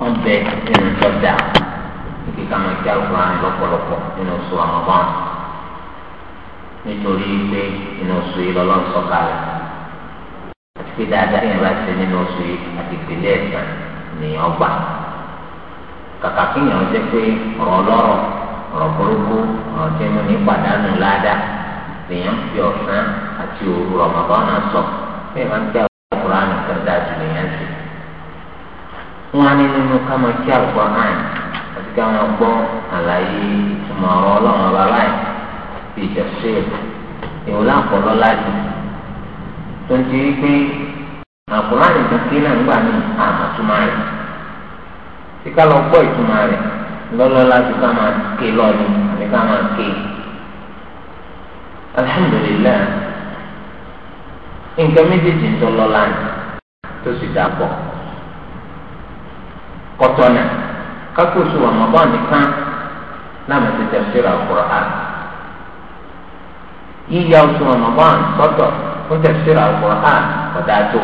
wọn bẹ nínú tọ́jà kíkí ká máa kí alukóran lọ́pọ̀lọpọ̀ nínú oṣù àmọ́bọ́n nítorí pé nínú oṣù yìí lọ́lọ́run sọ̀kalẹ̀ àti pé dáadáa kéèyàn bá ṣe nínú oṣù yìí àti ìpínlẹ̀ ẹ̀sán nìyàn gbà kàkà kéèyàn jẹ́ pé ọ̀rọ̀ ọlọ́rọ̀ ọ̀rọ̀ burúkú ọ̀rọ̀ tí mo ní pàdánù ládàá nìyàn fi ọ̀sán àti òru ọ̀mọ̀bọ́n náà sọ pé máa ń kí alukóran nìkan dáa nìyàn ṣe. wọn á nínú kámọ kí àgbà hàn àti káwọn gbọ́ àlàyé ìmọ̀ ọ̀rọ̀ ọlọ́run ọba báyìí bí ìjọsẹ èwo láǹkọ̀ọ́lọ́ láti tó ń ti pé àkùnrin ìdókè náà ń gbà ní àmọ̀túmọ̀ rẹ̀ tí ká lọ gbọ́ ìtumọ̀ rẹ̀ lọ́lọ́ láti ká máa ké lọ́ọ̀ni àti ká máa ké alhamdulilayi nǹkan méjèèjì ń tọ́ lọ́la tó sì dà pọ̀. kọtọnà kákóso Ramadan nìkan láàmú ti tẹsíra Al-Qur'an yíya oṣù Ramadan sọ́tọ̀ fún tẹsíra Al-Qur'an ọdá tó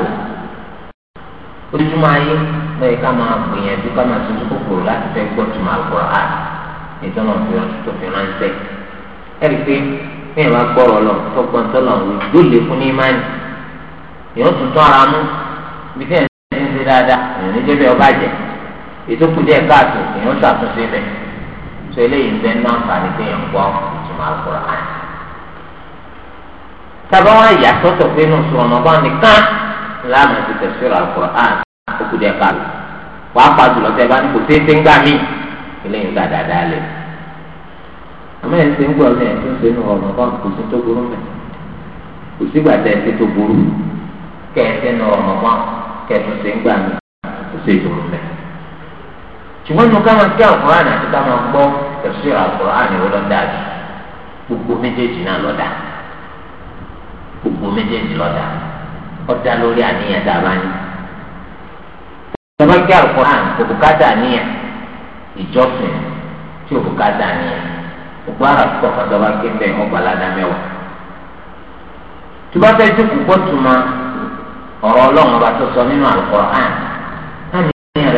ojúmọ́ ayé lóye ká máa gbìyànjú ká máa tuntun kòkòrò láti fẹ́ gbọ́ tuma Al-Qur'an nítorí wọn tó fi ránṣẹ́ ẹ̀rí pé bí bá gbọ́rọ̀ lọ tó lọ wí fún ní ètò kù díẹ̀ káàtó èèyàn ń ṣàtúnṣe bẹ̀ tó eléyìí ń bẹ ní àǹfààní pé èèyàn ń gbọ́ ìtumọ̀ àkùrọ̀ àn. tábà wọn yà sọ́tọ̀ pé nù sọ ọ̀nà wọn nìkan láàmú ti tẹ̀síọ̀rọ̀ àkùrọ̀ àn ó kù díẹ̀ káàtó wàá pa jùlọ tẹ bá ní kò tètè ń gbà mí eléyìí ń gbà dáadáa lẹ. àmọ́ ẹ̀ ń ṣe ń gbọ́ ọ̀nà ẹ̀ ń ṣe ń ọ̀nà kan kò ṣùgbọ́n nínú ká máa kí àkùránì àti ká máa gbọ́ ẹ̀sùn àkùránì ló lọ́dà jù gbogbo méjèèjì náà lọ́dà gbogbo méjèèjì lọ́dà ọ̀dà lórí àníyàn dàbá ni. ìjọba kí àkùránì òbúkátà níyàn ìjọsìn tí òbúkátà níyàn ògbó àràkùkọ̀ kọ́tọ́ba kí bẹ́ẹ̀ ọgbàládá mẹ́wàá. tí wọ́n fẹ́ẹ́ dúkùú pọ̀ tuma ọ̀rọ̀ ọlọ́run ọba tó sọ nínú àlùkò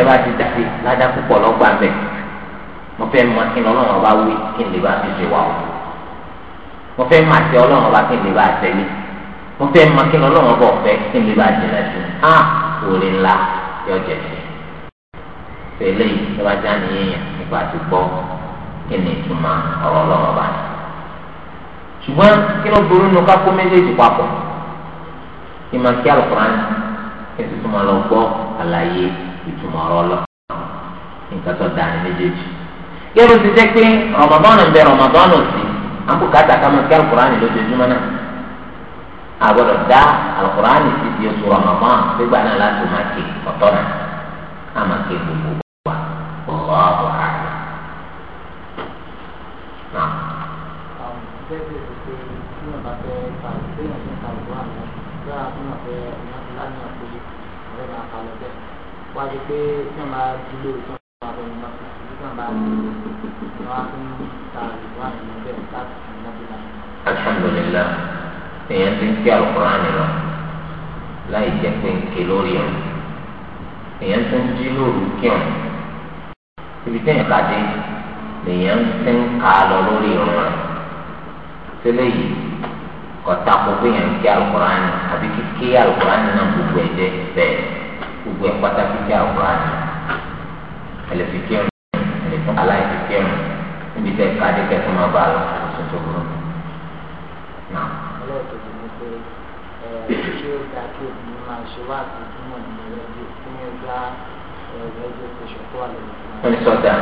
bá ti jáde ládá púpọ̀ lọ́gbà mẹ́ mo fẹ́ mọ kí ni ọlọ́run ọba wí kí ni lè bá fi ṣe wà o mo fẹ́ mọ àti ọlọ́run ọba kí ni lè bá tẹ̀lé mo fẹ́ mọ kí ni ọlọ́run ọba ọ̀fẹ́ kí ni lè bá jìnà sí a òrè ńlá yọ jẹ sí yìí ló bá já nìyẹn nípa ti gbọ́ kí ni ìtumọ̀ ọ̀rọ̀ ọlọ́run ọba ni ṣùgbọ́n kí ló burú nu ká kó méjèèjì papọ̀ ìmọ̀ kí alùpùpù rán kí n tuntun máa lọ gbọ́ àlàyé ìtumọ̀ ọ̀rọ̀ lọ nǹkan tó dà ní méjèèjì. yẹ́rù ti jẹ́ pé Ramadan ń bẹ Ramadan sí àbùkátà kàmú kí alukur'ani lójoojúmọ́ náà àgbọ̀dọ̀ dá alukur'ani sí di oṣù Ramadan gbígbà náà láti máa ké ọ̀tọ̀ náà á máa ké gbogbo wa ọ̀rọ̀ àbọ̀ àgbà. Thank wá di pé tí wọn bá dúró tí wọn bá bọ ìmọ̀ tí wọn bá dúró tí wọn bá tún ta ìwà ìmọ̀ bẹ́ẹ̀ láti fún wọn bí wọn. alhamdulillah èèyàn ti ń kí alukur'an lọ láì jẹ́ pé ń ké lórí ẹ̀ èèyàn ti ń jí lóru kí ọ̀ ibi tẹ́yìn kàdé lèèyàn ti ń kà lọ lórí ìrún rẹ̀ sílẹ̀ yìí kọ̀tà kó pé èèyàn ń kí alukur'an àbí kíké náà gbogbo ẹ̀ jẹ́ bẹ́ẹ̀ gbogbo ẹ̀ pátákì kí àwòrán ni ẹlẹ́fi kírun ẹlẹ́fi aláìfi kírun níbi tẹ́ ká dé kẹ́kọ̀ọ́ máa bá a lọ oṣù tó burú. ọlọ́ọ̀tọ̀tọ̀ ni pé ṣé ó dáa kí obìnrin máa ṣe wá àtúntúmọ̀ ní rẹ́díò kí wọ́n gbá rẹ́díò tẹ̀sán tó wà lórí fún wa. wọ́n ní sọ́dà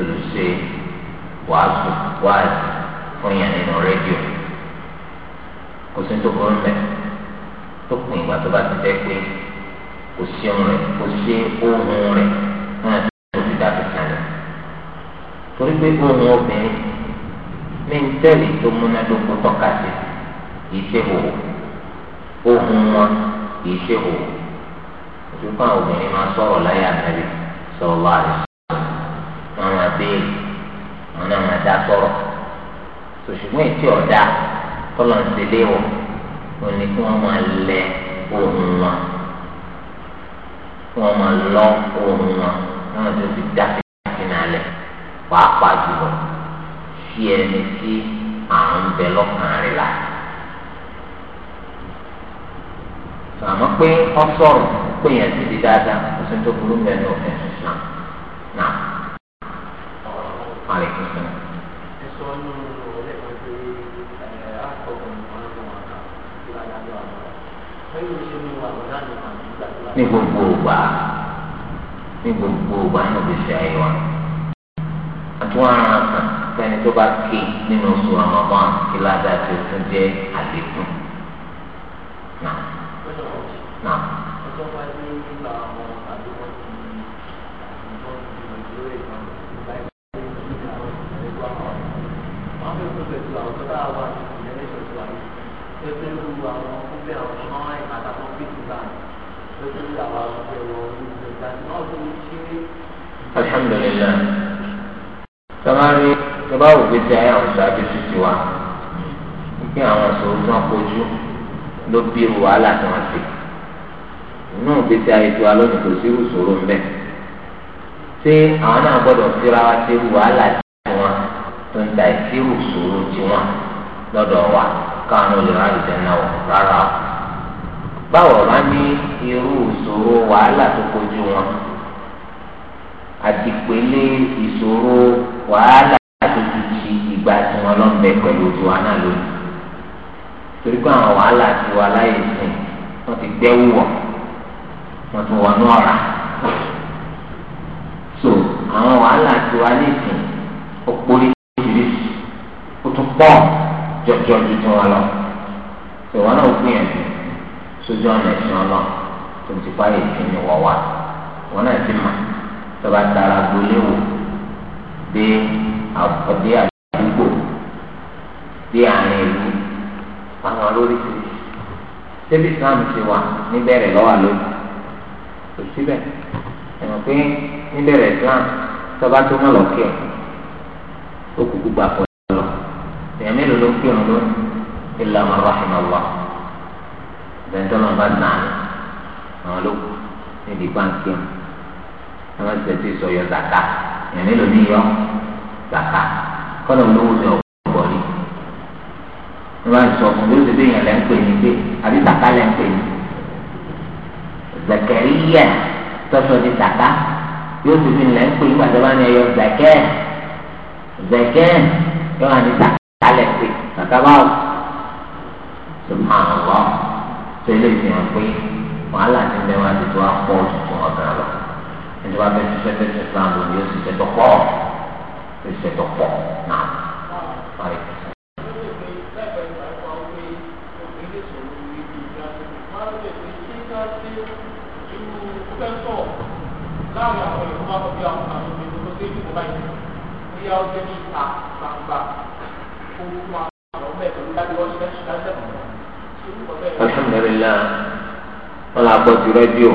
olùṣe wàásù wáàsì fún yàn nínú rẹ́díò kò sí tó burú mẹ́rin tó kùn ìgbà tó bá ti jẹ́ pé kò sí ohun rẹ̀ kò sí ohun rẹ̀ fún àti òbí dàbí kalẹ̀ torí pé ohun obìnrin ní ń tẹ̀lé tó múnádóko tọ́ka sí kì í ṣe òwò ohun wọn kì í ṣe òwò òṣùpá obìnrin máa sọ̀rọ̀ láyé àtẹ̀lé sọ̀rọ̀ wà lẹ́sọ̀rọ̀ wọn máa wọn náà máa dá sọ̀rọ̀ ṣùgbọ́n ètí ọ̀dà tọ́lọ̀ ń ṣe léwọ̀ òní kí wọ́n máa lẹ ohun wọn kí wọ́n máa lọ ohun wọn wọ́n ti fi dá sí nálẹ̀ pàápàá jùlọ sí ẹni tí à ń bẹ lọ́kàn rẹ̀ la. àmọ́ pé ọ sọ̀rọ̀ pé yẹn ti di dáadáa kò sí tó burú mẹ́rin òfin ṣùṣàn náà. ní gbogbo ògbà ní gbogbo ògbà ní òbíṣẹ ayé wa àtúwọ̀n ara kan fẹ́ni tó bá ké nínú oṣù Ramadan kí ládàá tó tún àlékún. Thank you alhamdulilayi sọmárì tọba òwe tí ayé àwọn sábẹ títí wa wípé àwọn sòrò tí wọn kojú ló bí wàhálà tí wọn ti inú òwe tí ayé tiwa lónìí kò sí ìṣòro mbẹ ṣé àwọn náà gbọ́dọ̀ síra wa sí wàhálà tó ń da ìṣirò ìṣòro tiwọn lọ́dọ̀ wa. káwọn olè wá ìjẹ náà rárá o báwo wá ní irú ìṣòro wàhálà tó kojú wọn àdìpélé ìṣòro wàhálà tó ti di ìgbà tí wọn lọ bẹ pẹ̀lú ojú wa náà lónìí torí pé àwọn wàhálà ti wà láyé wọn ti gbẹ́wù wọn so àwọn wàhálà ti wà lẹ́sìn ó jọjọ ju tí wọn lọ ìwọ náà gbìyànjú sójú ọ̀nà ẹ̀sìn ọ̀nà tó ti parí ìsinmi wọ̀ wá ìwọ náà ti mọ̀ tọba tara gboléwò dé àbọ̀dé àdúgbò dé àárín ìlú àwọn lórí ti tẹ́bí islam ti wà níbẹ̀rẹ̀ lọ́wọ́ lónìí kò síbẹ̀ ẹ̀mọ̀ pé níbẹ̀rẹ̀ islam tọba tó mọ̀ lọ́kẹ́ ó kúkú gbà pọ̀ kírun lónìí ilà máa bá fún ọlọ bẹntẹ máa bá nà àwọn ló níbi pàǹkì wọn wọn ti tẹsí sọ yọ zaka yẹn nílò ní yọ zaka kọlọ lówó ní ọgbọ ni wọn bá sọ fún mi ó ti bí yẹn lẹ ń pè ní pé àbí zaka lẹ ń pè ní zakariya tọ́sọ̀ di zaka yóò ti fi lẹ ń pè ní pàtó bá ní ẹyọ zakẹ zakẹ yọ wà ní zaka lẹ ń pè ní kàkà báwò subhanallah tó ilé fi hàn pé wàhálà ti bẹ wá ti tó akpọ tuntun ọgá lọ ẹni wàá bẹ ṣiṣẹ́ bẹ ṣe fún alhamdulilayi wọn là gbọ́ ti rẹ́díò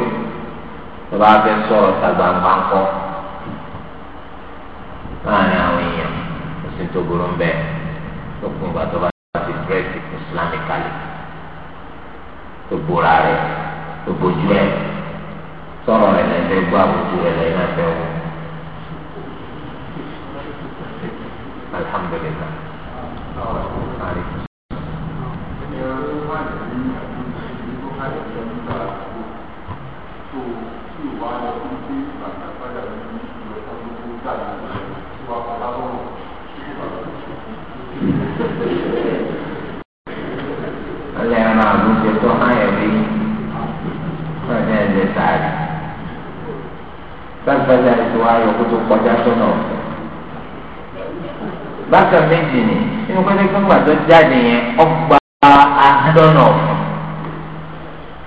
tó bá fẹ́ sọ̀rọ̀ tàgbàǹgbà ńkọ́ láàrin àwọn èèyàn kò sí tó burú bẹ́ẹ̀ tó kún ìgbà tó bá ti dírẹ́sì islamically tó bóra rẹ̀ tó bójú ẹ̀ sọ̀rọ̀ rẹ̀ lẹ́sẹ̀ gbọ́ àbójú rẹ̀ lẹ́yìn náà fẹ́ alhamdulilayi lágbàdá Bákan méjì ni inú pẹ́ẹ́sẹ́ pé ńgbà tó jáde yẹn ọgbà ahádọ́nà ọ̀fun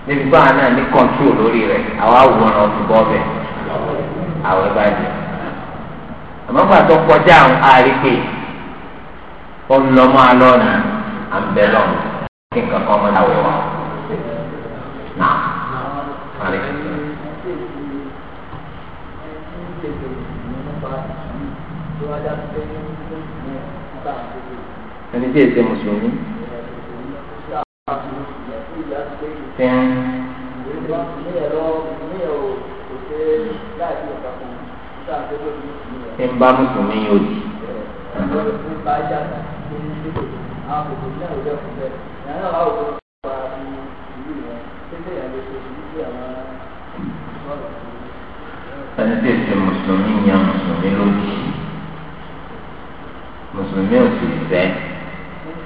níbi báwa náà ní kọ́ńtró lórí rẹ̀ àwa wòran ọ̀tún bọ́ bẹ̀ àwẹ̀ bá dé àmọ́ ńgbà tó kọjá àwọn àríkè ọ̀nlọ́mọ alọ́nà àbẹ̀lọ́n kí nǹkan kan máa wẹ̀ wá. Náà, wàlẹ́ kìí. Thank you ẹni tí èsè mùsùlùmí ti ń. ti ń bá mùsùlùmí yóò di. ẹni tí èsè mùsùlùmí yan mùsùlùmí lódì mùsùlùmí ò sì fẹ́.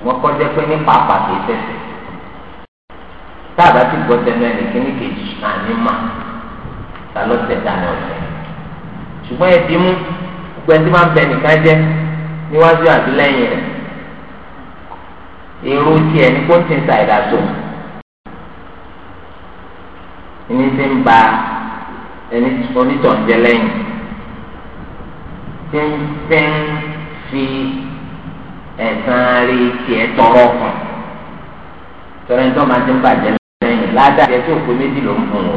ṣùgbọ́n kọjá pé ní pàápàá kìí tẹ̀sẹ̀ táàbà ti gbọ́ tẹnu ẹnì kíní kejì àní mà ta ló tẹ̀ dání ọ̀sẹ̀ ṣùgbọ́n ẹbí mú gbogbo ẹtí máa ń bẹ nìkan jẹ́ níwájú àbí lẹ́yìn rẹ̀ èrò tiẹ̀ ní kó ti ń ta ìdásọ ẹni tí ń ba ẹni onítọ̀ ń jẹ lẹ́yìn tí ń fi ẹ̀sán rí tiẹ̀ tọrọ kan tọrọ ẹni máa ti ń bàjẹ́ lẹ́yìn ládàá tiẹ̀ tó pé méjì ló ń fún o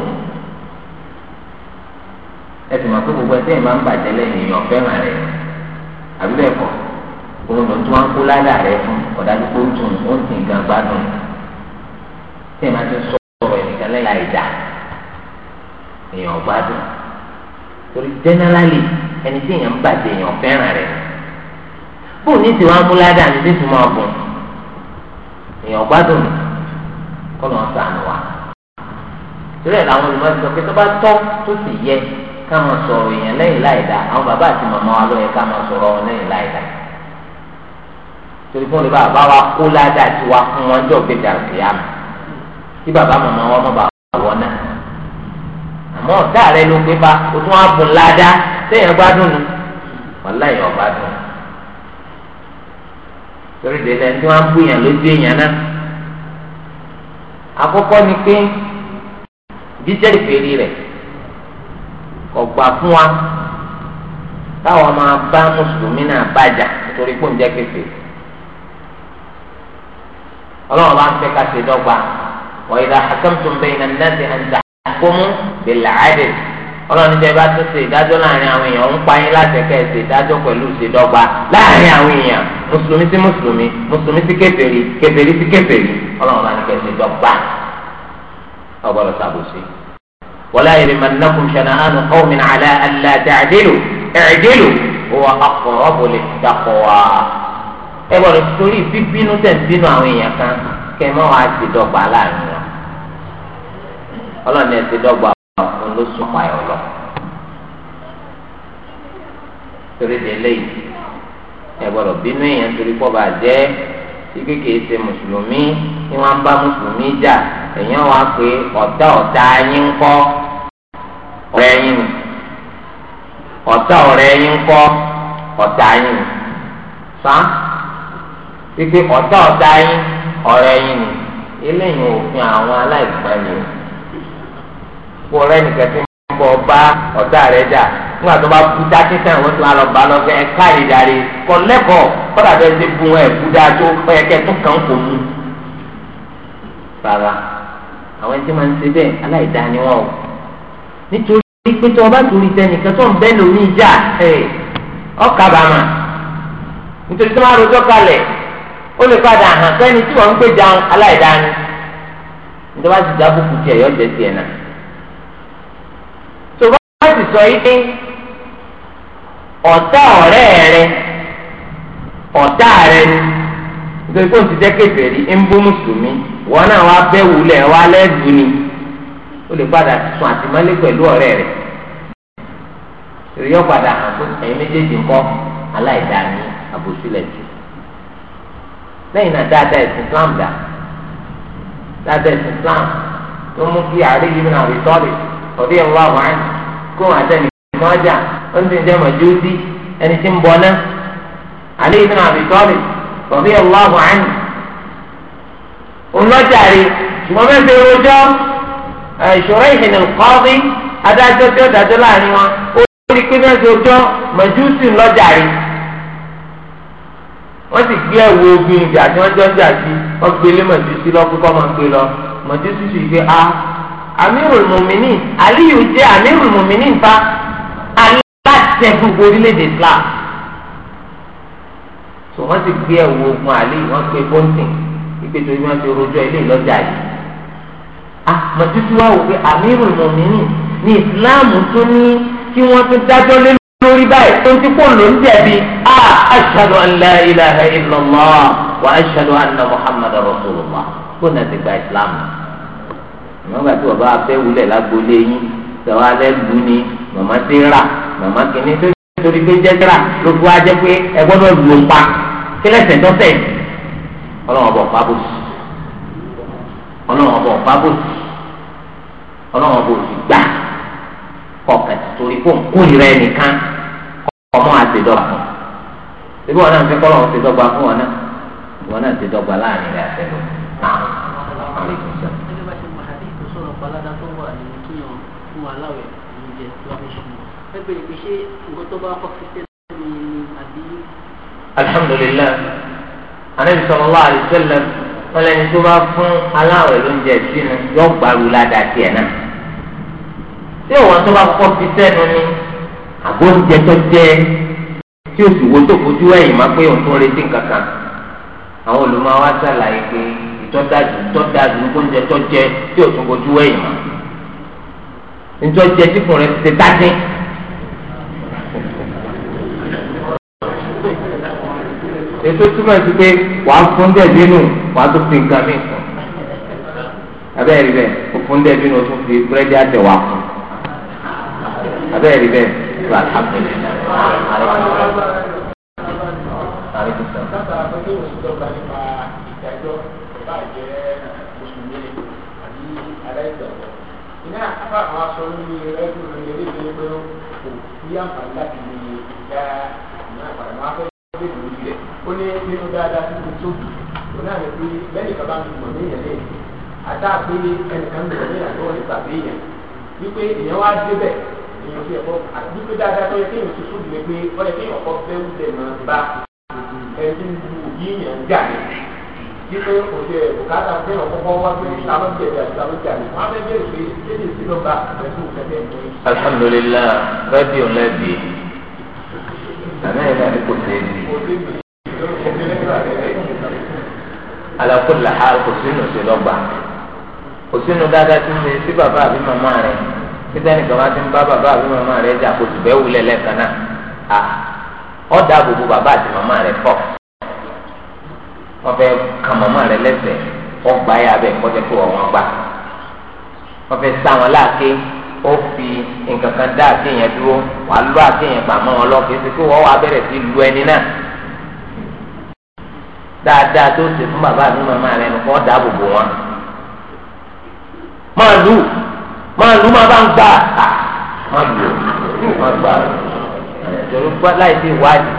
ẹ sì mọ̀ pé gbogbo ẹsẹ̀ máa ń bàjẹ́ lẹ́yìn èèyàn fẹ́ràn rẹ̀ òun ló ń tún wá ń kó ládàá fún ń tún ó ń tì gan gbádùn máa ti sọ ọ̀rọ̀ ẹ̀nìkan fóònù ní tiwọn amúládà ní títí máa bọ̀ èèyàn gbádùn kọ́ lọ́n sànù wa ìrẹ̀ làwọn olùmọ̀sọ pé tó bá tọ́ tó sì yẹ ká máa sọ̀rọ̀ èèyàn lẹ́yìn láìda àwọn bàbá àti màmá wa ló yẹ ká máa sọ̀rọ̀ wọn lẹ́yìn láìda torí fún mi bàbá wa kó ládàá tí wa fún wọn jọ gbé dàrúkì yá mi kí bàbá màmá wa má bàa wọ náà àmọ́ ọ̀tá rẹ ló gbé bá o tún á bùn ládàá sẹ́yìn gbádùn ni wàláyìn ọ̀gbádùn torí dèdè tí wọ́n á bú yàn lójú èèyàn náà àkọ́kọ́ ni pé jíjẹ́ ìfèrí rẹ̀ kò gbà fún wa táwọn máa bá mùsùlùmí náà bàjà nítorí pé ń jẹ́ kéfèé ọlọ́run bá ń fẹ́ ká ṣe dọ́gba wa idha hakamtum bayna an-nasi an tahkumu bil-'adl ọlọ́ni tẹ bá tún ṣe ìdájọ́ láàrin àwọn èèyàn ń pa yín láti ẹ̀ka ẹ̀sẹ̀ ìdájọ́ pẹ̀lú ìṣèdọ́gba láàrin àwọn èèyàn mùsùlùmí sí mùsùlùmí mùsùlùmí sí kèfèrí kèfèrí sí kèfèrí ọlọ́run bá ní kẹ́ ìṣèdọ́gba ọgbọ́dọ̀ ṣàbòsí. wala yajrimannakum shana'anu qawmin ala alla ta'dilu i'dilu huwa aqrabu lit-taqwa. ẹ gbọ́dọ̀ torí bíbínú tẹ̀ bínú àwọn èèyàn kan kẹ́ mọ́ wá ìṣèdọ́gba láàrin wọn ọlọ́ni ẹ̀ṣẹ̀dọ́gba òun ló sùn payọ lọ torí délé yìí ẹ gbọ́dọ̀ bínú èèyàn torí kọ́ bá jẹ́ tí kékeré ṣe mùsùlùmí ni wọ́n bá mùsùlùmí jà èèyàn wá pé ọ̀tá ọ̀tá yín ń kọ́ ọ̀rẹ́ yín ni ọ̀tá ọ̀rẹ́ yín ń kọ́ ọ̀tá yín ni sá wípé ọ̀tá ọ̀tá yín ọ̀rẹ́ yín ni eléyìí òfin àwọn aláìgbọ́n ni kó ọ̀rẹ́ nìkan bá nígbà tó bá kú sẹ́yìn lọ bá lẹ́kọ̀ọ́ kọ́dà ti bu ẹ̀ dáa tó àwọn ẹni tí ń ṣe bẹ́ẹ̀ o nítorí pé tí wọ́n bá torí tẹnìkan tó ń bẹ́ lórí ìjà ọ̀kàbàmà nítorí tí wọ́n á rojọ́ kalẹ̀ ó lè padà hàn sẹ́ni tí wọ́n ń gbé jàun aláìdáni nítorí wọ́n á sì sọ yìí pé ọ̀tá ọ̀rẹ́ rẹ ọ̀tá rẹ ni nítorí pé òun ti jẹ́ kèfèrí ń bú mùsùlùmí wọn náà wá bẹ́ wulẹ̀ wá lẹ́dùn ni ó lè padà sùn àtìmọ́lé pẹ̀lú ọ̀rẹ́ rẹ ìrìyọ́ padà hàn pé ẹ̀yin méjèèjì ń kọ́ aláìdáni àbòsílẹ̀ jù lẹ́yìn náà dáadáa ẹ̀sìn Islam dà dáadáa ẹ̀sìn Islam ló mú kí àárẹ̀ yìí náà rí tọ́lẹ̀ ọ̀dẹ́ ìwà kó wọn àtẹnì kan ọjà ó ń tẹ̀síọ́ mọ̀júsí ẹni tí ń bọ̀ náà alẹ́ ìdúnà àbítọ́lì bọ̀bí ọlọ́ọ̀bù àánì ònlọ́jàre ṣùgbọ́n bẹ́ẹ̀ ṣe rojọ́ ìṣòro ìṣẹ̀lẹ̀ kọ́ọ́bí adájọ́ tí ó dájọ́ láàrin wọn ó rí pé bẹ́ẹ̀ ṣe rojọ́ mọ̀júsí ńlọ́jàre wọ́n sì gbé ẹ̀wù obìnrin jà tí wọ́n jọ́ jà sí wọ́n gbélé mọ̀júsí lọ́kùnkọ́ máa ń gbé lọ mọ̀júsí sì gbé a ah, amirul mumini aliyu jẹ amirul mumini nfa aláṣẹ gbogbo orílẹ̀-èdè islam so wọ́n ti gbé ẹ̀wọ̀ ogun aliyu wọ́n pe bọ́ǹtìn ìpè tó ibi wọn ti rojọ́ ilé ìlọ́jà yìí ah mọ̀tútù wa wò pé amirul mumini ní islam tó ní kí wọ́n tún dájọ́ lé lórí báyìí tó ń ti kó ló ń jẹ̀bi ah ashhadu an la ilaha illallah wa ashhadu anna muhammadar rasulullah kó nà ti gba islam àmọ́ gbà tí bàbá afẹ́ wulẹ̀ lágbolé yín sọ̀rọ̀ alẹ́ lù ní màmá ti rà màmá kìíní torí pé jẹ́jẹ́ra ló fi wá jẹ́ pé ẹ gbọ́dọ̀ lù ń pa kílẹ̀sẹ̀ tọ́sẹ̀ ọlọ́run ọba ọ̀pá bòsì ọlọ́run ọba ọ̀pá bòsì ọlọ́run ọba òsì gbà kọ̀ọ̀kan torí fún kórìíra ẹnìkan ọmọ àtẹ̀dọ́gba fún ebi wọn náà fi kọ́ lọ́wọ́ ti fún wọn náà wọn náà ti láàrin rẹ̀ àtẹ̀dọ́ الحمد لله أنا nǹkan الله bá kọ́ ولا ni فن على anabi sallallahu alaihi wasallam wọn lẹni tó bá fún aláwẹ̀ lóúnjẹ sínú yóò gbàrú ládàá tiẹ̀ náà tí òun tó bá kọ́ fi sẹ́nu ni àgbóúnjẹ tó jẹ́ tí o sì wo tó fojú ẹ̀yìn máa pé òun tó ń retí kankan àwọn olùmọ̀wá ṣàlàyé pé ìtọ́dájú ìtọ́dájú oúnjẹ tó jẹ tí o tún fojú ẹ̀yìn máa ń tọ́jẹ tí kùnrin ti dájú ètò túmọ̀ sí pé wàá fún dẹ̀ bínú wàá tó fi nǹkan mí kù abẹ́rẹ́ rí bẹ́ẹ̀ o fún dẹ̀ bínú tó fi búrẹ́dì àtẹ̀ wàá kù abẹ́rẹ́ rí bẹ́ẹ̀ tó àtàkùnrin. Ìyá àǹfààní láti lè ó ní nínú dáadáa tó tó tó náà ní pé lẹ́yìn kan bá mi mọ̀ níyẹn lẹ́yìn àtà pé ẹnìkan mi mọ̀ níyẹn nípa pé yẹn wípé èèyàn wá débẹ̀ èèyàn fi ẹ̀kọ́ wípé dáadáa tó yẹ kéèyàn tó sódù ni pé ó yẹ kéèyàn kọ́ bẹ́ẹ̀ bẹ́ẹ̀ máa bá ẹni wù yíyàn gà ní wípé òde bùkátà kéèyàn kọ́kọ́ wá pé sàmú jẹ̀bi àti sàmú jàmí wọn fẹ́ bẹ̀rẹ̀ pé léde sí lọ́ba pẹ̀lú kẹ́kẹ́ mi. alhamdulilayi rẹ́díò lẹ́bi àná ẹ̀ náà ni kò tẹ́ alakó làhá kò sínú sí lọ́gbà kò sínú dáadáa tí ń ṣe sí bàbá àbí màmá rẹ títẹ́ nìkan bá ti ń bá bàbá àbí màmá rẹ jà kò sì bẹ́ẹ̀ wulẹ̀ lẹ́ẹ̀kan náà à ọ́ dà gbogbo bàbá àti màmá rẹ pọ̀ wọ́n fẹ́ ka màmá rẹ lẹ́sẹ̀ wọ́n gbá yà bẹ́ẹ̀ kọ́jọ́ pé wọ́n gbà wọ́n fẹ́ sá wọn láàké ó fi nǹkan kan dá àkéyàn dúró wàá lọ àkéyàn pàmò wọn lọ kí ẹ ti lu ẹni náà dáadáa tó ṣe fún bàbá mi màmá rẹ nù kọ́ dáàbò bò wọn. máa lù máa lù máa bá ń gbà á máa lù máa gbà á ìṣòro gbọ́ láì sí ìwádìí.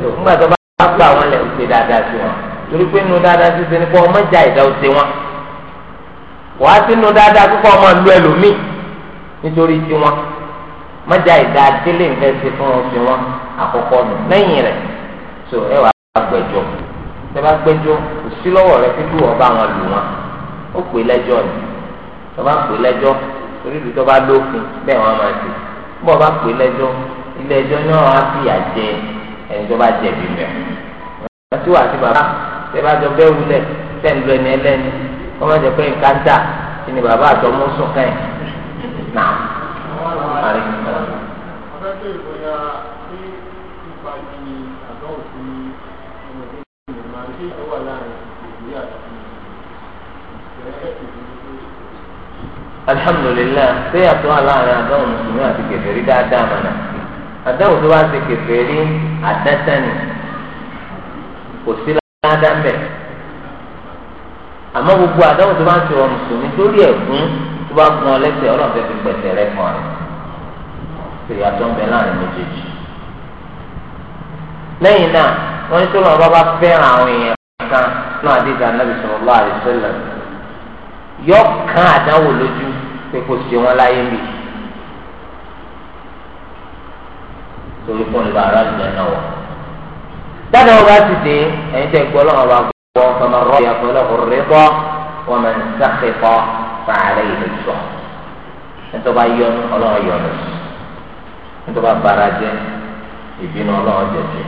nígbà tó bá gbà wọn lẹ ṣe dáadáa sí wọn torí pé nu dáadáa ṣe ṣe ni kó ọmọ ìjà ìdá ó ṣe wọn. wàá sí nu dáadáa kíkọ́ ọmọ lu ẹlòmíì nítorí tiwọn mọ́jà ìdá délé nǹkan ṣe fún ọ wọn àkọ́kọ́ nù lẹ́yìn rẹ̀ so ẹ wà agbẹjọ́ tẹ́lá gbẹ́jọ́ kò sí lọ́wọ́ rẹ pé kí wọ́n bá wọn lù wọn ó pè lẹ́jọ́ ni tó bá pè lẹ́jọ́ torí ibi tó bá lófin bẹ́ẹ̀ wọ́n máa ti bọ́ọ̀ bá pè lẹ́jọ́ ilé ẹjọ́ ni wọ́n á fìyà jẹ ẹni tó bá jẹ̀bi mẹ́. àti wà àti bàbá tẹ́ bá jọ bẹ́ẹ̀ wulẹ̀ tẹ́ ń lu ẹni ẹlẹ́ni wọ́n máa jẹ pé nǹkan dà ni bàbá àtọmọ́ sùn káyìn náà. alihamudulilayi ṣé yàtọ̀ aláàárín adáwò mùsùlùmí àti kẹfẹ́rí dáadáa mọ̀nà adáwò tó bá ti kẹfẹ́rí àdẹ́sẹ̀nì kò sí ládàá mbẹ̀ àmọ́ gbogbo adáwò tó bá ti rọ mùsùlùmí lórí ẹ̀gún tó bá gun ọlẹ́sẹ̀ ọlọ́ọ̀fẹ́ fi gbẹ̀sẹ̀ rẹ kàn án ṣé yàtọ̀ mbẹ̀ láàárín méjèèjì lẹ́yìn náà wọ́n ní tó lọ́wọ́ bá fẹ́ràn àwọn èèyàn kan náà àdéhùn anábìsọ̀rọ̀ lọ́ yọ kàn àdáwò lójú pé kò ṣe wọn láyé bì torí kò lè bàrà lè náà wọ. dáadáa wọn bá ti dé ẹ̀yin tẹ́ gbọ́ lọ́wọ́ bá gbọ́ fama rọ́ọ̀bì àpẹẹrẹ ọ̀rẹ́ bọ́ wọn máa ń sàkè kọ́ fàárẹ̀ ìlú sọ. nítorí bá yọnu ọlọ́run yọnu nítorí bá bàrà jẹ ìbínú ọlọ́run jẹjẹ.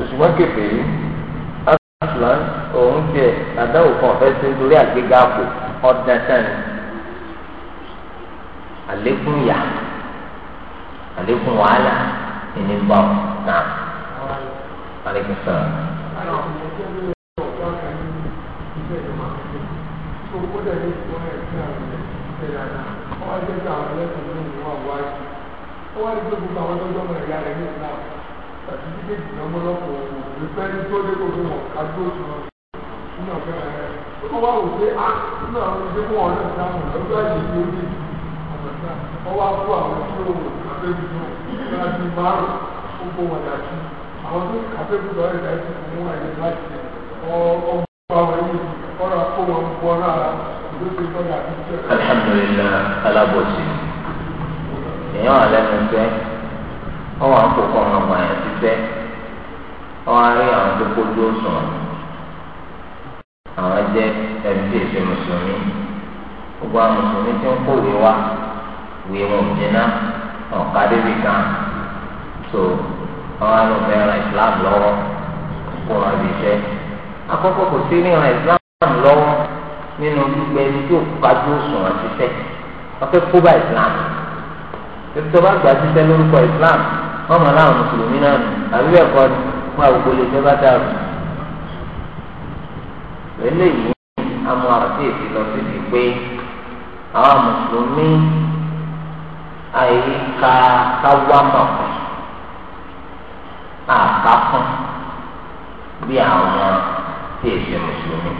òṣùwọ̀n kẹfẹ́ yìí asùlán òun tiẹ̀ àdáwò kan fẹ́ sí nítorí àgbéga àpò ọ̀dàn àlékún yà àlékún wàhálà ẹni bá ọ náà àlékún sọ̀rọ̀. wọ́n ti gbogbo àwọn ọjọ́ ọmọ ìyá rẹ̀ ní ìlà àti títí ìdìbò ọmọlọ́pọ̀ òun ìfẹ́ ní tó dé gbogbo wọn kájú òtún wọn nínú ọ̀gá rẹ̀. ó wá wò pé a nínú àwọn wọ́n wá kó àwọn tí ó kàfébù náà láti márùn-ún gbogbo wọn dàtí àwọn tó kàfébù lọ́rẹ̀ láti mú àyè láti ọgbọ́n àwọn yìí ọ̀rọ̀ kó wọn bọ́ náà ló ti tọ́jà àti ìjọba. alhamdulillah alábòsí èèyàn àlẹ́nu fẹ́ ọwọ́ àkókò ọmọ ọmọ yẹn ti fẹ́ ọwọ́ àrí àwọn tó kójú òsùn àwọn jẹ́ ẹbí èsì mùsùlùmí gbogbo àwọn mùsùlùmí ti ń kórè wa wíwọ̀n jìnnà ọ̀ka débi kan so àwọn àlùfẹ́ ran islam lọ́wọ́ kó wọn bí iṣẹ́ akọ́kọ́ kò sí ní ran islam lọ́wọ́ nínú gbígbẹ́ ẹni tí òkú kájú òsùn àti iṣẹ́ wọ́n fẹ́ kó bá islam tẹ́tọ́ bá gbà síṣẹ́ lórúkọ islam wọ́n mọ̀ láwọn mùsùlùmí náà nù àbí ẹ̀kọ́ ni fún àwòkọ́ lè fẹ́ bá dàrú eléyìí amú àti èsì lọ sí ti pé àwọn mùsùlùmí àyè ka káwá mà kún àká kún bí àwọn tí èsì mùsùlùmí.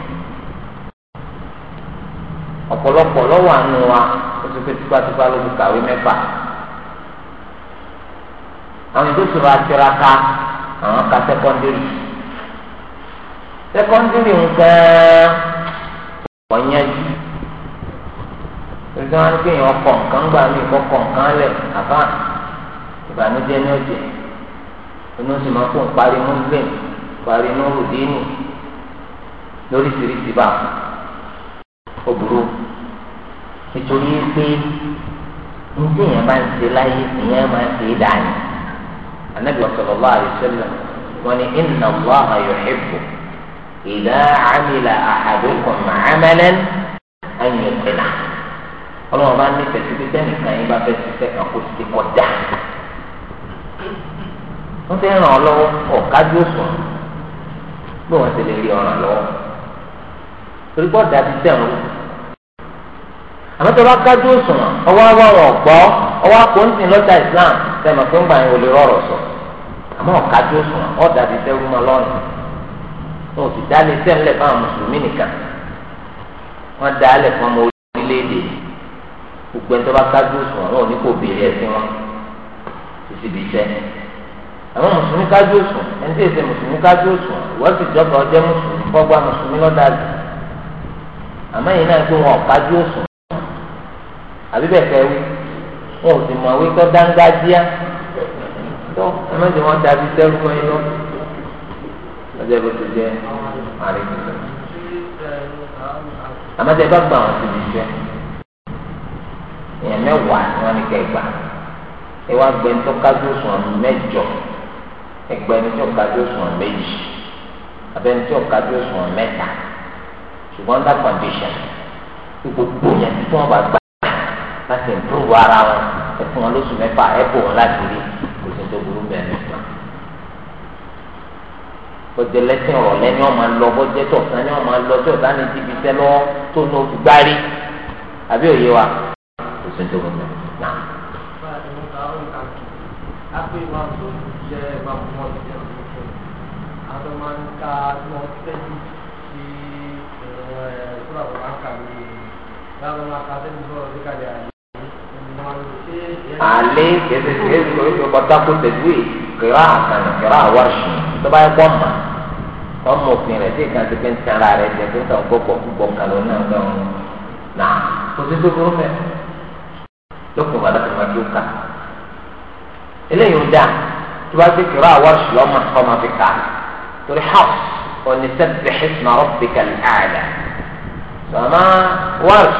ọ̀pọ̀lọpọ̀ lọ́wọ́ àánú wa ó ti pé tipátipá ló fi kàwé mẹ́fà. àwọn ètò ìṣòro àtiraka àwọn ka sẹ́kọ́ndírì. sẹ́kọ́ndírì nǹkan wọ́n yẹn gbogbo wọn pé èèyàn kọ̀ nǹkan gbà mí kọ́ kọ̀ nǹkan lẹ̀ àbá ìbànújẹ́ ní ọ̀jẹ̀ inú sì máa fún parí muslim parí nurudini lóríṣiríṣi bá ó burú nítorí pé nítorí èèyàn bá ń ṣe láyé èèyàn máa ń ṣe é dání anabi sallallahu alaihi wasallam wọn ni inna Allaha yuhibbu idha amila ahadukum amalan an yutqinahu ọlọ́run bá nífẹ̀ẹ́ sí pé tẹ́nìkan yín bá fẹ́ ṣiṣẹ́ kan kó ti kọjá wọ́n fẹ́ ràn ọ́ lọ́wọ́ ọ̀kájú òsùn bí wọ́n ti lè rí ọ̀ràn lọ́wọ́ torí pé ọ̀dà ti tẹ̀ wọ́n àmọ́ tó bá kájú òsùn ọwọ́ àwọn ọ̀rọ̀ ọ̀gbọ́ ọwọ́ àpòǹtì lọ́jà Islam tẹ̀mọ̀ pé ń gbà yín ò lè rọ̀rọ̀ sọ àmọ́ ọ̀kájú òsùn ọ̀dà ti tẹ̀ wọ́n lọ́nà wọn ò sì dálé sẹ́ńlẹ̀ fáwọn mùsùlùmí nìkan wọ́n dálé gbogbo ẹni tó bá kájú òṣùwọ̀n náà ní kò béèrè ẹ̀sìn wọn títí bí iṣẹ́ àwọn mùsùlùmí kájú òṣùwọ̀n ẹni tí èsè mùsùlùmí kájú òṣùwọ̀n wọ́n sì jọba ọjọ́ mùsùlùmí kọ́gbà mùsùlùmí lọ́dàdì àmọ́ yìí náà pé wọn ò kájú òṣùwọ̀n àbí bẹ́ẹ̀ fẹ́ wí wọn ò sì mọ̀ wí tó dángájíá tó ẹmẹ́jọ wọn dàbí sẹ́rù wọn yọ ọjọ́ ìbò ti jẹ́ àríkùsọ̀ àmọ́ tẹ mẹ́wàá ni wọ́n ní kẹ́ gbà ẹ wá gbẹ tó kájú sùn mẹ́jọ ẹgbẹ́ ní tó kájú sùn méjì abẹ́ ní tó kájú sùn mẹ́ta ṣùgbọ́n under condition gbogbo yẹn tí wọ́n bá gbà láti improve ara wọn ẹ̀fún wọn lóṣù mẹ́fà ẹ̀ bò wọn láti rí kò sí tó burú bẹ́ẹ̀ nípa bọ́jẹ́ lẹ́sìn ọ̀rọ̀lẹ́ ni wọ́n máa lọ bọ́jẹ́ tọ̀sán ni wọ́n máa lọ tí ọ̀sán ni ti fi sẹ́ lọ́wọ́ tó ní o fi gbárí àbí òye wa òfin tó gbọ́dọ̀ náà. Ape wa tó yẹ bàbá wọn ti jẹ ọdún fún mi. Àwọn máa ń ka tí wọ́n tẹ́jú sí ìrora wọn máa ń kà ní Ale kese kese kò kọta kó tẹ̀sí kìrá àkànnì kìrá àwárṣì tó bá yẹ kó mà ọmọ òfin rẹ̀ tí ìkànnì pé ń tẹ́ra rẹ̀ jẹ́ pé ń tàn gbọ́ pọ̀ púpọ̀ kàlọ́ náà lọ́wọ́ náà kò sí tó lókun ìgbà lókun ìgbà tó kà eléyìí ń dà tó bá ti kúrò àwọn ṣùlọ́ ọmọ kọ́ máa fi kà torí house òní sẹ́pẹ̀ ṣẹ́sìmọ̀ rọ́bì kàlí àlà sọ̀mà wọ́ọ̀ṣ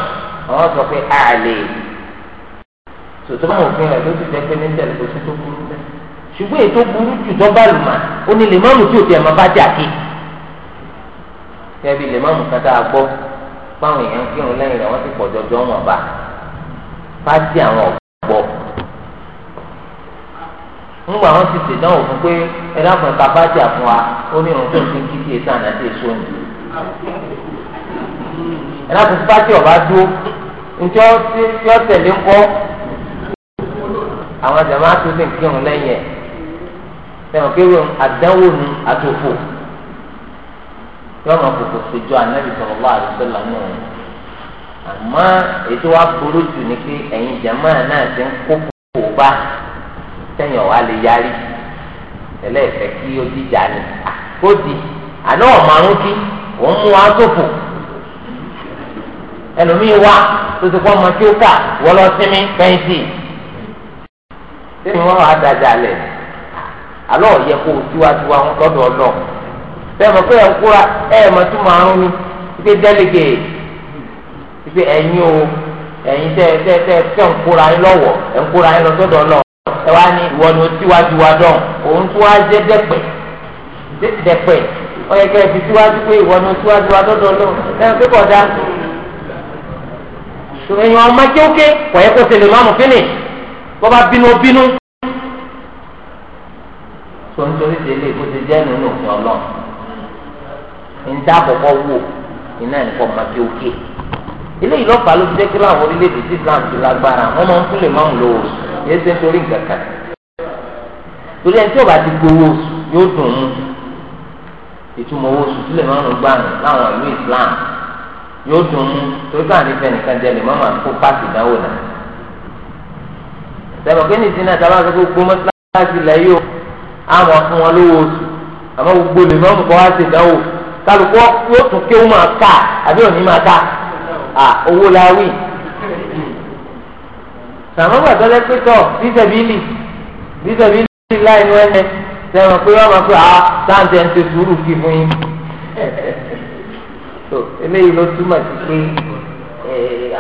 àwọn sọ pé àlè tòtò mọ̀ òfin rẹ̀ ló ti jẹ́ pé ní tẹ̀lé kò sí tó burú bẹ́ẹ̀ ṣùgbọ́n ètò burú jù dọ́gba lùmà ó ní lèmọ́ọ̀mù tí ò tiẹ̀ máa bá jà ké kẹ́bi lèmọ́ọ̀mù kan tá a gbọ́ fáwọn èèyàn kírun lẹ́yìn rẹ̀ wọ́n ti pọ̀ jọjọ́ wọn bá a pàtì àwọn ọ̀gbọ́ ńgbà wọn ti ṣèdánwò fún pé ẹ dákun ẹ̀ka àfún wa ó ní irun tó ń fi kí kí èso èso ń di ẹ dákun pàtì dúró njọ́ tí ó tẹ̀lé ńkọ́ àwọn jàmbá tó sì lẹ́yìn ẹ̀ sẹ́wọ̀n kéwì àdánwò nu àtòfò yọ̀ọ̀mọ̀ kòkò ṣèjọ ànábì sọ̀rọ̀ wá àdúgbò lánàá àmọ́ ètò wa burú jù ni pé ẹ̀yin jama náà ti ń kó kó bá sẹ́yìn ọ̀wá lè yarí tẹ́lẹ̀ ìfẹ́ kí ó dìjà ni kí òun mú wa sófò ẹlòmíín wá tó ti kọ́ ọmọ tí ó kà wọ́n lọ sinmi sẹ́yìn wọn wà dájà lẹ̀ àlọ́ ọ̀yẹ kó bẹ́ẹ̀ mọ̀ pé ẹ̀ ń pípé ẹ̀yin o ẹ̀yin tẹ́ tẹ́ tẹ́ tẹ́ ń kóra yín lọ́wọ́ ẹ̀ ń kóra yín lọ sọ́dọ̀ lọ ẹ wá ní ìwọ ni o tíwájú wa dán òun tó wá jẹ́ dẹ́pẹ̀ dẹ́pẹ̀ ó yẹ kẹ́ ẹ fi síwájú pé ìwọ ni o tíwájú wa dọ́dọ̀ lọ ẹ ń pépọ̀ dá èèyàn ọmọ kéwké kò yẹ kó tẹlẹ máàmù fínì bọ́ bá bínú bínú. tó ń torí tẹ̀lé kó ti jẹ́ nínú òfin ọlọ́run ń dá àkọ́kọ́ wò iná ẹ̀ ń kọ́ ọmọ kéwké eléyìí lọ́pàá ló jẹ́ kí láwọn orílẹ̀-èdè tí Islam ti lágbára wọn máa ń fún lè máa ń lo oṣù yẹn ṣe ń torí nǹkan kan torí ẹni tí ò bá ti gbowó oṣù yóò dùn ún ìtumọ̀ owó oṣù tí lè máa ń gbà láwọn ìlú Islam yóò dùn ún torí báà ní fẹ́nìkan jẹ lè má máa kó pàṣẹ ìdánwò náà sẹ́wọ̀n kí ni ìsìn náà tábà sọ gbogbo mọ́tíláṣí ilẹ̀ yìí ó àwọn fún wọn lówó oṣù àmọ́ gbogbo lè má mú kọ́ wá ṣèdánwò kálukú yóò tún kéwù máa ká àbí òní máa ká à owó la wí sàmúgbà tó lẹ pé tọ bísẹ̀bílì bísẹ̀bílì láì nu ẹnẹ sẹ́wọ̀n pé wọ́n máa pé à sáǹtì ẹ̀ ń ṣe sùúrù kí fún yín so eléyìí ló túmọ̀ sí pé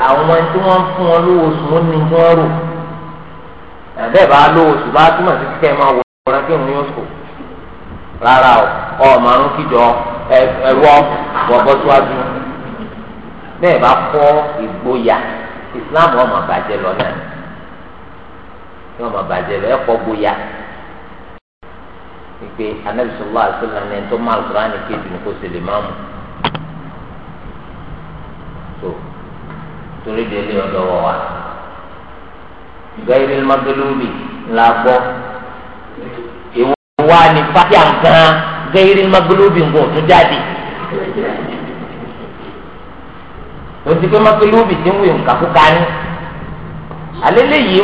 àwọn tí wọ́n fún wọn lówó oṣù wọn ní kí wọ́n rò àbẹ́ẹ̀ bá lówó oṣù bá túmọ̀ sí kẹ́ ẹ máa wọ ọ̀rọ̀ kí òun yóò sùn rárá o ọ̀ màrún kíjọ ẹ̀rọ bọ̀bọ̀ síwájú bẹ́ẹ̀ bá kọ́ ìgboyà islam ọmọ bàjẹ́ lọ náà ni ọmọ bàjẹ́ lọ ẹ kọ́ gboyà wípé anabi sallallahu alaihi wasallam ní ẹni tó máa lọ́ra ní kéjì ní kó sèlè máa mú tó torí de ilé ọ̀dọ́ wọ̀ wá ìgbà yìí ni magalúbi gbọ́ ìwọ wa ní fàtíà gan gẹ́yìrì magalúbi nǹkan tó jáde. òtí pé mọ́kìlúbì ti ń wí nǹkan kúka ní. alẹ́ léyìí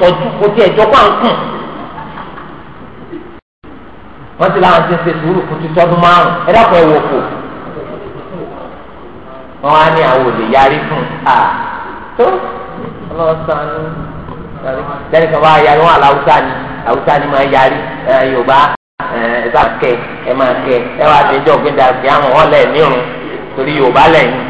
pọ̀jù kò tí ẹ̀jọ́ pa ń kùn. wọ́n ti láwọn ti ń ṣe sùúrù kùtù tọ́dún márùn-ún ẹ dákun ẹ̀ wò kù. wọ́n á ní àwọn olè yarí fún a tó ọlọ́sàn-án lẹ́nu kan bá yarí wọn àlàúsá ni àwùsá ni máa yarí Yorùbá ẹ bá kẹ ẹ máa kẹ ẹ wá sí ẹjọ́ gbẹdàgbẹ́ àwọn ọ̀lẹ́ mìíràn torí Yorùbá lẹ́yìn.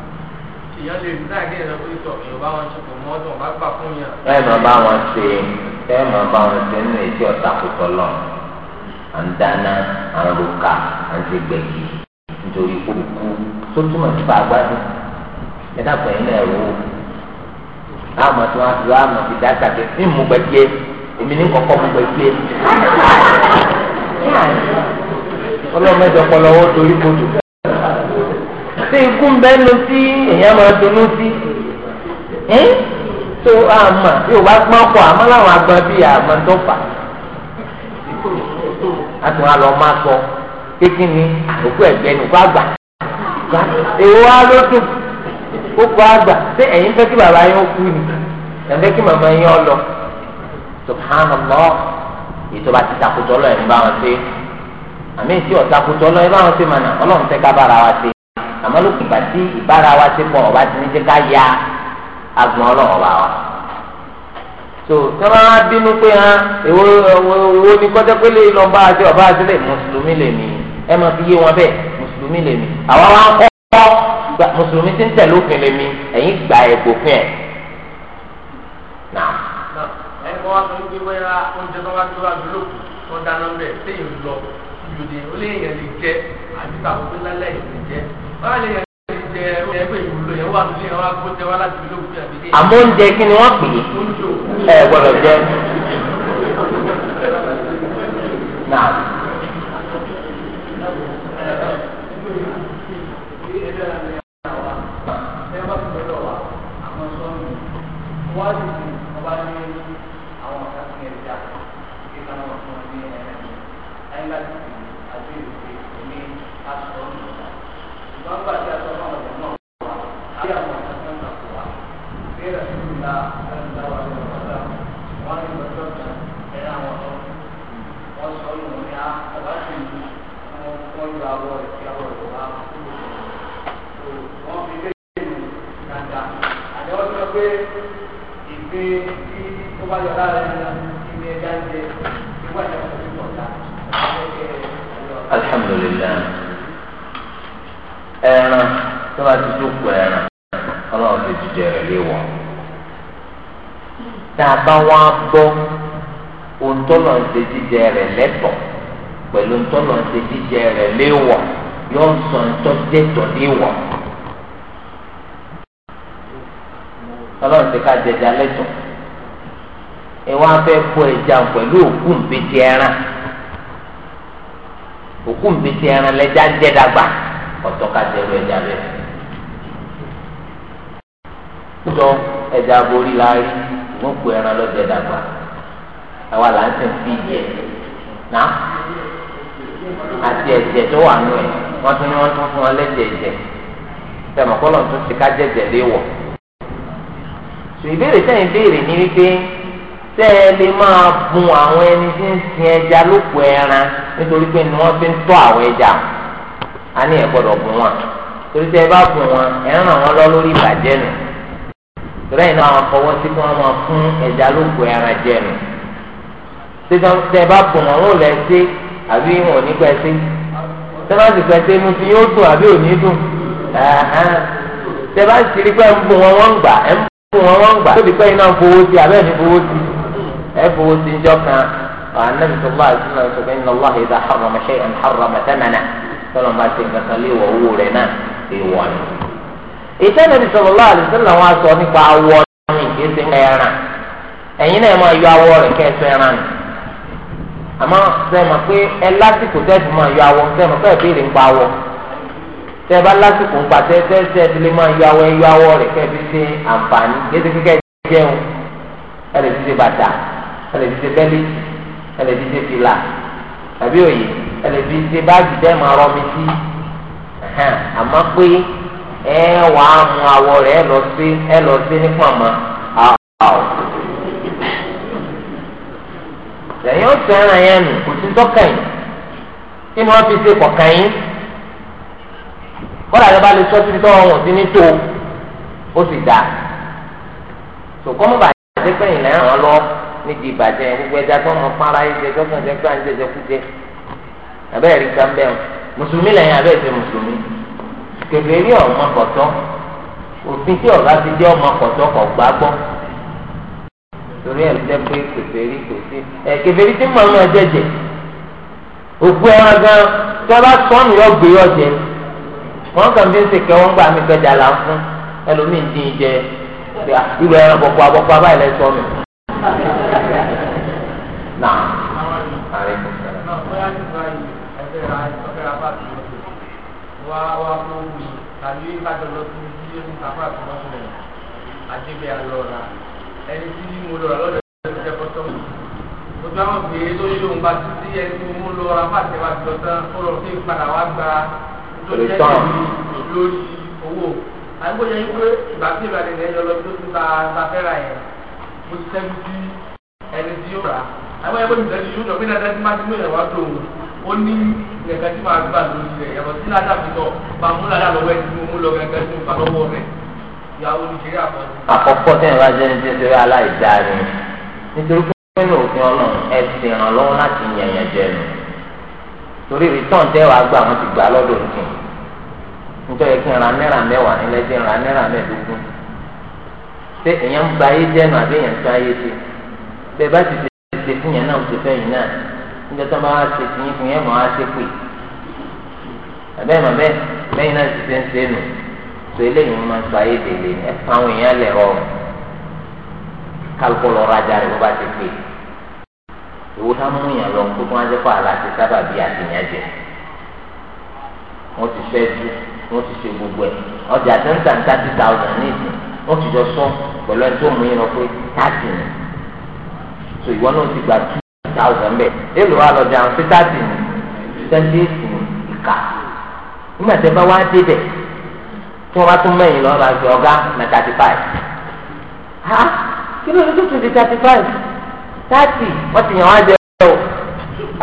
èèyàn lè rí láì kéèyàn lọ́kọ́ ìtọ̀ èèyàn bá wọn ṣepọ̀ mọ́ ọdún ọba gbà fún yàn. ẹ máa bá wọn ṣe ẹ máa bá wọn ṣe nínú ètí ọ̀tá kòtò lọ à ń dáná à ń roka à ń ṣe gbẹ̀gì nítorí kókó tó túmọ̀ nípa agbádùn ẹ dàpọ̀ yín náà wò ó àmọ̀ tí wọ́n ti wá àmọ̀ fi dáta pé ní mú gbẹ̀gì èmi ní kọ̀kọ́ mú gbẹ̀gì ọlọ́mọdé ọpọlọ wọn torí kótó ṣé ikú ń bẹ́ẹ̀ lọ sí èèyàn máa dunú sí tó àmà yóò bá gbọ́n pọ̀ àmọ́ làwọn agbọn bíi àmọ́ tó fà àtún àlọ́ máa sọ kékeré òkú ẹ̀gbẹ́ ní òkú àgbà èwo wa ló dùn òkú àgbà ṣé ẹ̀yin fẹ́ kí bàbá yín ó kú ni ẹ̀fẹ́ kí màmá yín ó lọ subhanallah ìjọba ti takùtọ̀ lọ ẹ̀ ń bá wọn ṣe àmì ìtì ọ̀takùtọ̀ lọ ẹ̀ bá wọn ṣe mànà ọlọ́run fẹ́ ká bára wa ṣe àmọ́ lókè ìgbà tí ìbára wa ti pọ̀ ọba ti ní jẹ́ ká ya agbọ̀n ọlọ́run ọba wa. tó sábà bínú pé hàn ah, èwo èwo ni kọ́tẹ́pẹ́lẹ́ lọ bá àti ọba àtẹ́lẹ̀ mùsùlùmí lè mí ẹ máa fi yé wọn bẹ́ẹ̀ mùsùlùmí lè mí àwa wa ń kọ́ mùsùlùmí ti ń tẹ̀lé òfin lè mí ẹ̀yìn gbà ẹ̀gbò fún ẹ̀. ẹ̀ kọ́ wa sọ wípé bóyá oúnjẹ tó bá tó wá àti tàwọn tó lálẹ́ ìjẹ́ wọ́n á lè yẹ jẹ ẹgbẹ́ ìwúlò yẹn wà nílé wa kó jẹ láti ilé òkú àbí àmọ́ oúnjẹ kí ni wọ́n pè é ẹ gbọ́dọ̀ jẹ. Thank you pé ìpè gan ẹran tó bá ti jókòó ẹran ọlọ́run ti jíjẹ rẹ̀ léwọ̀ tá a bá wá gbọ́ ohun tó lọ ń ṣe jíjẹ rẹ̀ lẹ́tọ̀ pẹ̀lú ohun tó lọ ń ṣe jíjẹ rẹ̀ léwọ̀ yóò sọ ntọ́ jẹ́tọ̀ léwọ̀ ọlọ́run ti ká jẹjẹ alẹ́ tọ̀ ẹ wá fẹ́ fọ ẹja pẹ̀lú òkú nbẹ́jẹ ẹran. òkú nbisi ẹran lẹja ń jẹ dàgbà ká jẹrú ẹja bẹ. kútọ ẹja borí la rí wọn kú ẹran lọ jẹ àwa là ń sìn fi jẹ náà àti ẹ̀jẹ̀ tó wà nù ẹ wọn tún ní wọn tún fún wọn lẹjẹ ẹ̀jẹ̀ tẹmọ tún ti ká lé ìbéèrè sẹ́yìn nítorí pé ni wọ́n fi ń tọ́ àwọn ẹja a ní ẹ̀ gbọ́dọ̀ bùn wọn torí tẹ́ ẹ bá bùn wọn ẹ̀ ń ràn wọ́n lọ lórí ìbàjẹ́ nù torí ẹ̀ náà àwọn fọwọ́ sí kí wọ́n máa fún ẹja lóko ẹran jẹ nù tẹ́ ẹ bá bùn wọn ó lẹ́ sí àbí wọn ò ní pẹ́ sí tẹ́ bá sì pẹ́ sí inú tí yóò dùn àbí ò ní dùn tẹ́ bá sì rí pé ẹ̀ ń bùn wọn wọ́n ń gbà ẹ̀ ń bùn wọn wọ́n ń gbà tóbi pé iná fowó sí abẹ́ ní fowó sí ẹ̀ fowó sí níjọ́ kan النبي صلى الله عليه وسلم يقول إن الله إذا حرم شيئا حرم ثمنه فلما ما تنقصلي وهو لنا في وان إذا النبي صلى الله عليه وسلم واسوا نقع أول من كيس خيانا ẹ̀yin náà máa yọ awọ rẹ̀ kẹsọ ẹran ni àmọ́ sẹmọ pé ẹ lásìkò tẹsí máa yọ awọ sẹmọ pé ìbéèrè ń pa awọ tẹ bá lásìkò ń pa tẹsí lè máa yọ awọ ẹ yọ awọ rẹ̀ kẹbi ṣe àǹfààní yéé kíkẹ jẹun ẹ lè fi ṣe bàtà ẹ lè fi ṣe bẹlí ẹ lè fi ṣe fìlà tàbí òye ẹ lè fi ṣe báàgì tẹ́ máa rọ mi sí àmọ́ pé ẹ wà á mú awọ rẹ̀ ẹ lọ sí ẹ lọ sí ní pàmò àwọ̀. lẹ́yìn ọ̀sẹ̀ ara yẹn nù kò sí tọ́kàn yìí tí mo fi ṣe kọ̀ọ̀kan yìí kọ́lá yẹn bá lè sọ síbi tọ́wọ́ wọn sí ní tó ó sì dá. sòkòmọ́bà àti pẹ́yìn lẹ́ràn lọ níbi ìbàjẹ́ yẹn gbogbo ẹja tó mọ para yín jẹ tó kàn jẹ gbà ń jẹjẹ kú jẹ abẹ́rẹ́ rí ká ń bẹ̀ mùsùlùmí lẹ́yìn abẹ́rẹ́ ṣe mùsùlùmí kèfèrí ọmọ kọ̀tọ́ òfin tí ọ̀gá ti jẹ́ ọmọ kọ̀tọ́ kọ̀ gbá gbọ́ torí ẹ̀ jẹ́ pé kèfèrí kò sí ẹ̀ kèfèrí tí màmú ẹ jẹ́jẹ́ òkú ẹran gan tí wọ́n bá sọ́ọ̀nù yọ gbé yọ jẹ wọ́n kàn fi ń sèké wọ́n gbà mí gbẹ́jà là ń fún ẹlòmíì dín in jẹ ìwé ẹran bọ̀kọ̀ àbọ̀kọ̀ abáyẹ̀lẹ̀ sọ́ọ̀nù báyìí ẹ̀fẹ́ ra ẹ̀fẹ́ ra báàgì lọ́sẹ̀ wá wá kó wù yìí tàbí ìbàdàn lọ sí ibi tí ẹ̀mí sàfà tó lọ́sẹ̀ rẹ̀ àjẹgbẹ́ àlọ́ra ẹni tí mo lọ lọ́dọ̀ ẹ̀fẹ́ jẹ́ bọ́tọ́ mo tún àwọn gbé tó ṣe òun bá títí ẹni tí mo lọ ra pàṣẹ wa jọ tán ó lọ sí ìpadà wá gba tó jẹ́ lórí owó àgbo yẹn pé ìgbà tí ìbàdàn yẹn yọ lọ tó tún ta ta fẹ́ra yẹn mo ti sẹ́ni tí ẹni tí yóò rà àgbo yẹn pé ìbàdàn yóò lọ pé dáadáa ti máa ti mú ìyàwó àtòun ó ní nǹkan tí màá gbà lórí rẹ̀ yàtọ̀ sí ládàá fi tọ̀ bá mú ládàá lọ́wọ́ ẹ̀ tí mo mú lọ gẹ́gẹ́ tí mo bá lọ́wọ́ rẹ̀ ìyàwó nìṣeré àkọ́jú. àkọ́kọ́ tẹ́yìn bá jẹ́ ní tẹ́tẹ́rẹ́ aláìdáa ni nítorí pé nínú òfin ọlọ́run ẹ ti ràn lọ́wọ́ láti yẹ̀yàn jẹ nù torí rìtọ́n tẹ́ wàá gbà wọ́n ti gbà lọ́dọ̀ nìkan nítorí kí n ra náírà mẹ́wàá nílẹ̀ tí n ra náírà mẹ́ẹ̀ẹ́dógún ṣé èèyàn ń ba ayé jẹ́ nù àbí èèyàn ń tún ayé ṣe bẹ́ẹ̀ bá ti ṣe ṣe fún yẹn náà ó ti fẹ́ yìí náà níjọ́ tó máa ṣe ti yín fún yẹn máa ṣe pè àbẹ́ẹ̀ màbẹ́ lẹ́yìn náà ti ṣe ń ṣe nù tó eléyìí wọn máa ń sọ ayé délé ẹ pa àwọn èèyàn lẹ̀ rọrùn kálukú lọ rajà rẹ̀ bó bá ti pè ìwọ ká mú yàn lọ kó tó wá jẹ́ pé àlá ti sábà bí àtìyàn jẹ wọ́n ti fẹ́ ju wọ́n ti ṣe gbogbo ẹ̀ ọjà tó ń tà ní thirty thousand ní ìsìn wọ́n ti jọ sọ pẹ̀lú ẹni tó mú yín lọ pé thirty ni so ìwọ náà ti gba two thousand bẹ́ẹ̀ èlò wa lọ jẹun sí thirty ní twenty eight ní ìka nígbà tí ẹ bá wá débẹ̀ tí wọ́n bá tún mẹ́yìn lọ́ọ́ bá gbé ọ̀gá na thirty five ha kí ló dé tó di thirty five thirty wọ́n ti yàn wá jẹ ọ́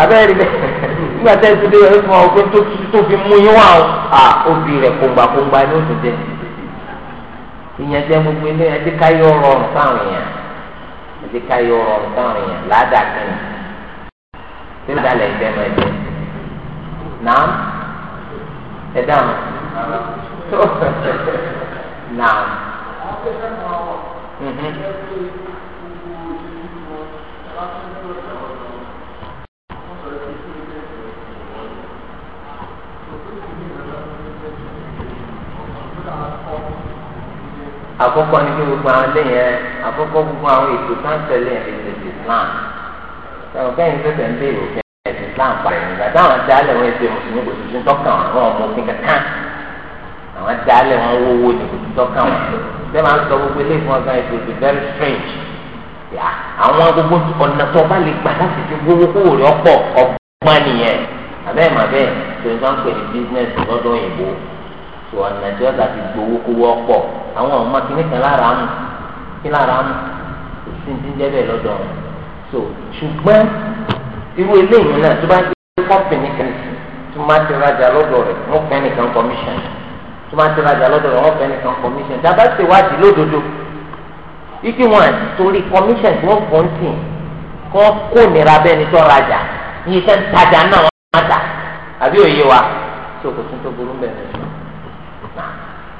abẹ́rẹ́ bẹ́ẹ̀ nígbà tí ẹ ti dé ẹ fún ọ pé tó fi mú yín wá o à obì rẹ̀ kóńgbàkóńgbà ni ó ti jẹ ìyẹn jẹ gbogbo ilé ẹ ti ká yọ ọ̀rọ̀ ọ̀rùn fáwọn èèyàn ẹ ti ká yọ ọ̀rọ̀ ọ̀rùn fáwọn èèyàn ládàá kìnnìkan tí ń dalẹ̀ ìbẹ́nu ẹ̀jẹ̀ náà ẹ dáhùn tó náà. àkọ́kọ́ ni kí gbogbo àwọn lẹ́yìn ẹ àkọ́kọ́ gbogbo àwọn ètò sáńtẹ̀lẹ̀ ẹ̀ lè tètè náà ẹ̀rọ kẹ́yìn tẹ̀sẹ̀ ń béèrè òfin ẹ̀sìn Islam parẹ̀ nígbà táwọn dálẹ̀ wọn ẹsẹ̀ mùsùlùmí kò tuntun tọ́kàn wọn àwọn ọmọ òfin kankan àwọn dálẹ̀ wọn wọ́wọ́ ní kò tuntun tọ́kàn wọn ṣé máa ń sọ gbogbo ilé ìfún ọgbà ètò ìdè very strange àwọn gbogbo ọ̀nà tó bá lè gbà láti fi gbowó kúrò rẹ̀ ọ̀pọ̀ ọgbọ́n nìyẹn abẹ́ẹ̀ mà bẹ́ẹ̀ tó ń sọ ní business lọ́dọ̀ òyìnbó tó ọ̀nà tí ọ̀gá ti gbowó kúrò ọ̀pọ̀ àwọn ọmọ kìnnìkan lára mú kí lára mú kò sí ní jẹ́ bẹ́ẹ̀ lọ́dọ̀ ọ̀hún so ṣùgbọ́n irú eléyìí náà tó bá ń gbé kọ́mpìnì kan sí tó máa ti rajà lọ́dọ̀ rẹ̀ wọ́n fẹ́ nìkan commission tó máa ti rajà lọ́dọ̀ rẹ̀ wọ́n fẹ́ nìkan commission dábàá ṣe wádìí lódodo ike wọn àti torí commission tí wọ́n fọ́n tì kọ́ kó nira bẹ́ẹ̀ ni tó rajà ní iṣẹ́ tajà náà wọ́n máa tà àbí òye wa tó kò tún tó burú bẹ́ẹ̀ ni.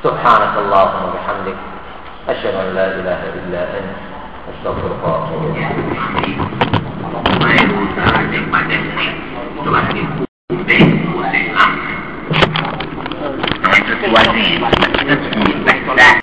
سبحانك اللهم وبحمدك أشهد أن لا استغفرك واتوب اليه.